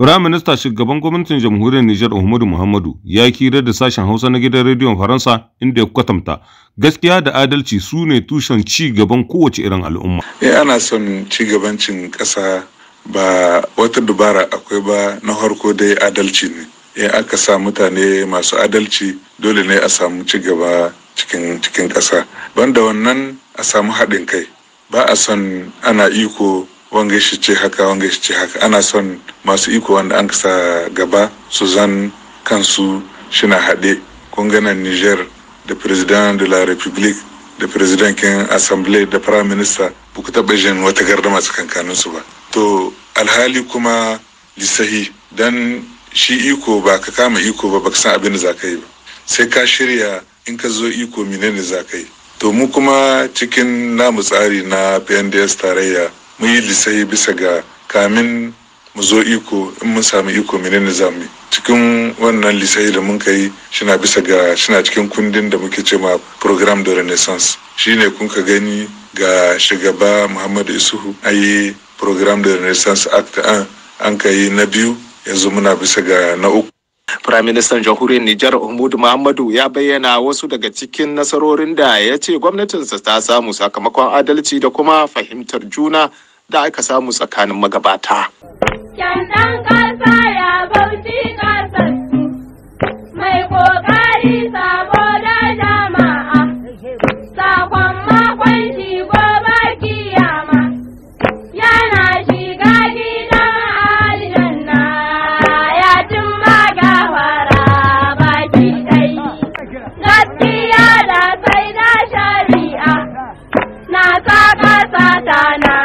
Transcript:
Firaminista shugaban gwamnatin jamhuriyar Nijar Ahmadu Muhammadu ya kira da sashen Hausa na gidan rediyon Faransa inda ya kwatanta gaskiya da adalci su ne tushen ci gaban kowace irin al'umma. Eh ana son ci gabancin ƙasa ba wata dubara akwai ba na harko dai adalci ne. In aka sa mutane masu adalci dole ne a samu ci gaba cikin cikin ƙasa. Banda wannan a samu haɗin kai. Ba a son ana iko wanga shi ce haka wanga shi ce haka ana son masu iko wanda an kasa gaba su zan kansu shina haɗe kunganan niger da president de la republique da kin assembly da prime minister ba taɓa jin wata masu kankaninsu ba to alhali kuma lisahi dan shi iko ba ka kama iko ba baka san abin da za ka yi ba sai ka shirya in ka zo iko menene za ka yi to mu kuma cikin namu tsari na pnds tarayya mu yi lisai bisa ga kamin mu zo iko in mun samu iko menene za mu cikin wannan lisai da mun kai shina bisa ga shina cikin kundin da muke cewa program da renaissance shine kun ka gani ga shugaba muhammadu isuhu yi program da renaissance act an an ka na biyu yanzu muna bisa ga na uku Firaministan jamhuriyar Nijar Umudu Muhammadu ya bayyana wasu daga cikin nasarorin da ya ce gwamnatinsa ta samu sakamakon adalci da kuma fahimtar juna da aka samu tsakanin magabata. ƙasa ƙasa ta na